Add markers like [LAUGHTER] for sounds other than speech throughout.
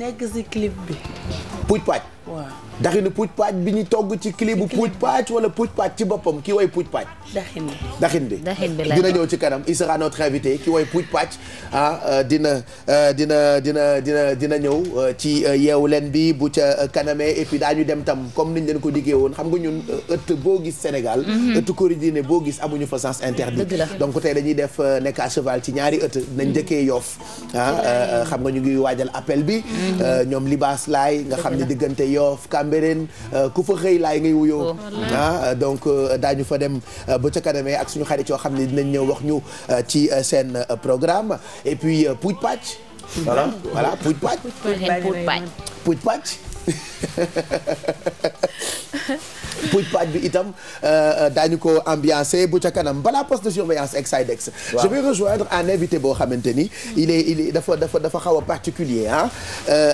nekk ci clip bi. puuj paaj. waaw daxinu puuj paaj bi ñu togg ci kilibu puuj paaj wala puuj paaj ci boppam ki woy puuj paaj. daxin bi daxin bi. daxin bi dina ñëw ci kanam il sera notre invité ki woy puuj paaj ah euh, dina euh, dina dina dina dina ñëw euh, ci yeewu leen bi bu ca kanamee et puis daañu dem tam comme niñ leen ko diggee woon xam nga ñun ëtt boo gis Sénégal. Mhm. ëtt corridine boo gis amuñu fa sens interdit. donc tey dañuy def nekk à cheval ci ñaari ëtt nañ mhm. njëkkee yoof ah, xam nga ñu ngi waajal appel bi. Mhm. ñoom libaas laay nga xam ne diggante Yoff Cambérène euh, ku fa laay ngay wu oh, ah donc euh, ñu fa dem euh, ba ca kanamee ak suñu xarit yoo xam ne dinañ ñëw wax ñu ci seen programme et puis Pouj Patch voilà voilà Pouj Patch Pouj Patch Pouj [LAUGHS] puj paaj bi itam euh, euh, daañu ko ambiancé bu ca kanam balaa poste de surveillance Exidex je vais rejoindre un invité boo xamante ni il est il est dafa dafa dafa xaw a particulier ah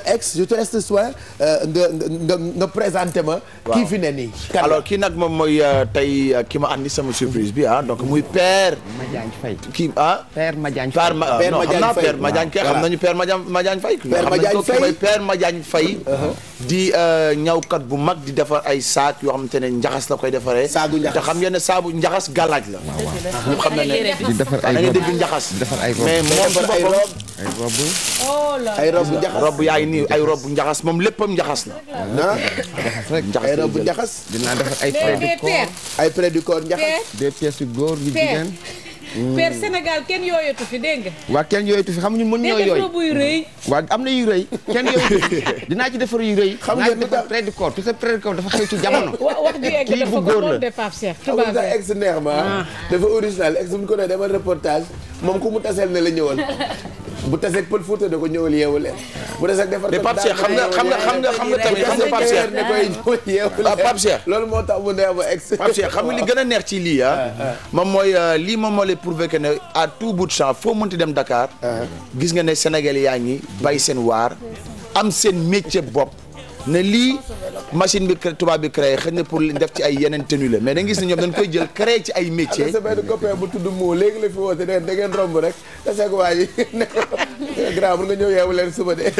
ex je te laisse le soin nga nga nga présenté ma kii fi ne nii alors kii nag moom mooy tey ki ma andi sama surprise bi ah donc muy père Madiagne Faye kii ah père Madiagne Faye père Madiagne Faye xam nañu père Madiagne Faye père Madiagne Faye père Madiagne Faye di ñawkat bu mag di defar ay saak yoo xamante ne njaxas la koy defaree. saabu njaxas xam ngeen ne saabu njaxas galaaj la. waaw waaw ñu xam ne ne di defar ay rob di defar ay rob mais ay rob. ay rob oh njaxas rob yaa ngi nii ay rob njaxas moom léppam njaxas la. Ah. njaxas rek ay rob njaxas. dinaa defar ay près ay près du corps njaxas. góor yu Mm. père Sénégal kenn yooyatu fi dégg waa waaw kenn yooyatu fi xam nga ñun mën ñoo yooy buy rëy waaw am na yu rëy kenn yooyatu [LAUGHS] dinaa ci defar yu rëy xam nga defar trait de corps tout ce trait de dafa xew ci jamono wax ju egg dafa ko moom de Pape Cheikh tubaab la ex neex ma ah. dafa original ex bu ko nee demal reportage moom ku mu taseel ne la ñëwal [LAUGHS] bu taseeg pël Fuuta da ko ñëwal yeewu leen. bu taseeg defar ko Pape Cheikh xam nga xam nga xam nga xam nga tamit xam nga Pape ah, xam nga li gën a neex ci lii ah, ah, ah. moom mooy euh, lii moom moo lay prouver que ne à tout bout de champ foo mënti dem Dakar gis nga ne Sénégal yaa ngi bay seen waar am seen métier bop ne lii machine bi tubaab bi créé xëy na pour def ci ay yeneen tenue la mais da nga gis ne ñoom dañ koy jël créé ci ay métiers. sa benn copain bu tudd moo léegi la fi woote da ngeen romb rek da seeg waa ji ne ko grand mun nga ñëw yeewu leen suba de.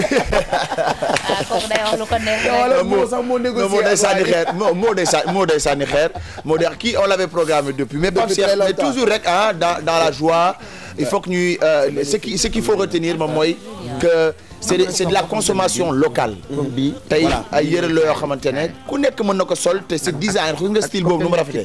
Ah, moo sax moo négocié moo day sànni xeer moo day sànni moo day sànni xeer moo day kii on l'avait programmé depuis. mais Pape Cheikh mais toujours rek ah dans dans la joie. il faut que ñuy euh, ce qui ce qu'il faut retenir moom mooy que c'est c'est de la consommation locale. bi tey ay yëre la yoo xamante ne ku nekk mën na ko sol te c'est design xam nga style boobu nu mu rafetee.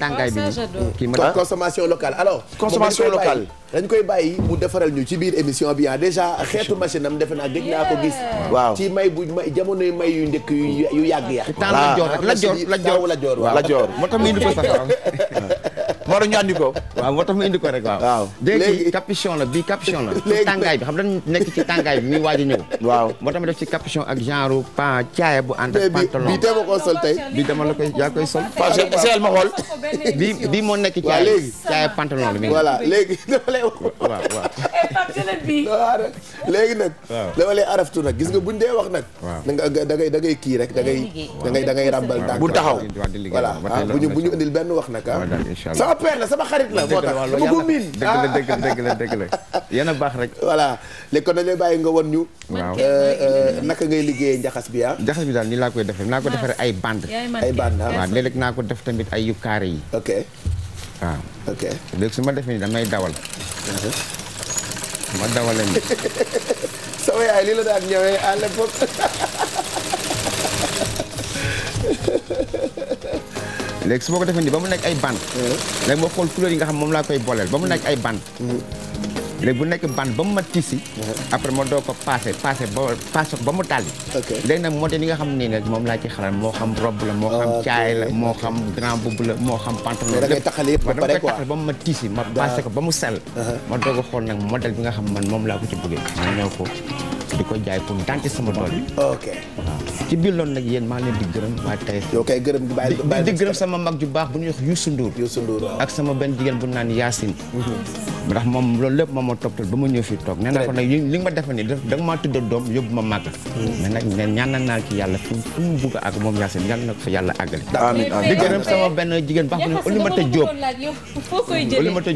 donc consommation locale alors. consommation locale dañ koy bàyyi mu defaral ñu ci biir émission bi ah déjà xeetu machine am defe naa dégg naa ko gis. waaw ci may bu may jamonoy may yu njëkk yu yàgg ya. waaw la joor la joor la joor la joor. moo tax mu indi ko sax [LAUGHS] moo tax ñu andi ko. waaw moo tax mu indi ko rek waaw. waaw léegi capuchon la bii capuchon la. [LAUGHS] léegi tàngaay bi xam dañ nekk ci tàngaay bi muy waaj a ñëw. waaw moo tax ma def ci capuchon ak genre pan caaya bu ànd ak pantalon. bii tee ma ko sol tey. bii dama la koy yaa koy sol. parce que seel ma xool. bii bii moo nekk caaya. léegi pantalon la. voilà léegi [LAUGHS] dama lay wax. waaw waaw. Eh, léegi nag. waaw dama lay araftu nag gis nga buñ dee wax nag. waaw da ngay da ngay kii rek da ngay. da ngay da ngay ràmbal bu taxaw voilà ah, bu ñu bu ñu indil benn wax nag ah. père la sama la moo tax dama ko miin dëgg la dëgg la baax rek voilà léegi kon dañ nga won ñu waaw euh, euh, naka ngay liggéeyee njaxas bi ah njaxas bi daal nii koy defee naa ko defaree ay bande ay bande ah. waaw naa ko def tamit ay yu carré yi ok waaw su ma defee nii damay dawal uh-huh. ma dawale ni [LAUGHS] sama yaay lii la daan ñëwee à l'époque [LAUGHS] léegi su ma ko defee nii ba mu nekk ay band mm-hmm. léegi ma xool couleur yi nga xam moom laa koy booleel ba mu nekk ay band mm-hmm. léegi bu nekk band ba mu mat tissi mm-hmm. après ma doo ko passé passé ba passé ba mu tàlli léegi nag modèle nga xam nii nag moom laa ci xalaat moo xam robe la moo xam caay la moo xam grand boubou la moo xam pantalon da ngay yëpp ba pare quoi taxal ba mu mat ma passé ko ba mu sell uh-huh. doo ko xool nag modèle bi nga xam man moom laa ko ci bëggee ma ñëw ko di ko jaay pour dante sama doole. ok waaw ci biir loolu nag yéen maa leen di gërëm waaye tey. yow kay gërëm di bàyyi di gërëm sama mag ju baax bu ñuy wax Youssou Ndour. Youssou Ndour ak sama benn jigéen bu naan Yacine. Mhm. ndax moom loolu lépp moom moo toppatoo ba ma ñëw fii toog nee mhm. naa ko ci yàlla fu mu bugg a àgg moom Yacine yàlla na fa yàlla àggale di gërëm sama benn jigéen baax bu ñu Oulimata Diop Oulimata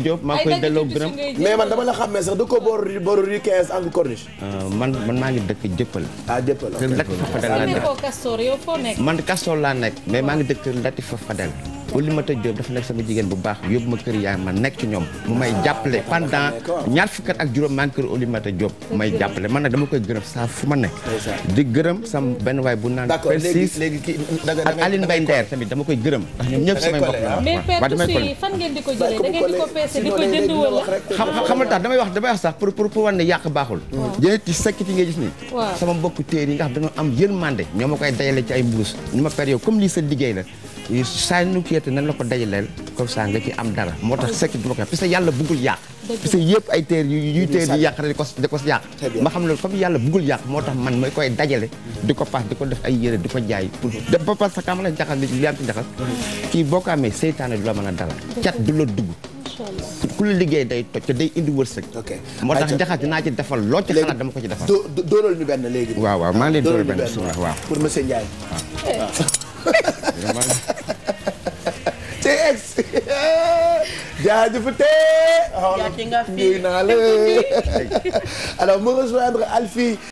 koy delloo gërëm mais man dama la xàmmee sax da ko booru booru rue 15 angle man maa ngi dëkk jëppal. ah jëppal ok kër Latifa Fadel laa nekk. man Castor laa nekk mais maa ngi dëkk Latifa Fadel. Oulimata Diop dafa nekk sama jigéen bu baax yóbbu ma kër yaay ma nekk ci ñoom mu may jàppale pendant ñaar fukki at ak juróom maa ngi kër Oulimata Diop may jàppale man nag dama koy gërëm saa fu ma nekk di gërëm sam benn waay bu naan persis ak Aline Mbaye Ndeer tamit dama koy gërëm ndax ñoom ñëpp samay mbokk la mais père ko ko ko jënd xam nga tax damay wax damay wax pour pour pour ne yàq baaxul jëlee ci sakkit nga gis ni sama mbokk téer yi nga xam dañoo am yërmande ñoo ma koy dayale ci ay mbuus ñu ma père yow comme lii sa liggéey la saa nu kiyete nan la ko dajaleel comme ça nga ci am dara moo tax sekki du ma ko parce que yàlla bëggul yàq di yàq rek di ko di ko yàq ma xam loolu comme moo tax man ma koy dajale di ko paas di ko def ay yére di ko jaay pour mm-hmm. de ba parce que xam jaxas li am ci jaxas mm-hmm. kii boo ko amee seytaane du la dara cat du la dugg ku la liggéey day toj te day indi wërsëg moo tax jaxas dinaa ci defal loo ci xalaat dama ko ci defal dóoral ñu benn léegi waaw waaw maa ngi leen dóoral benn waaw ci ex jaajëfatee. jaajëf nga fi nuyu naa la [LAUGHS] alors me rejoindre Alfie.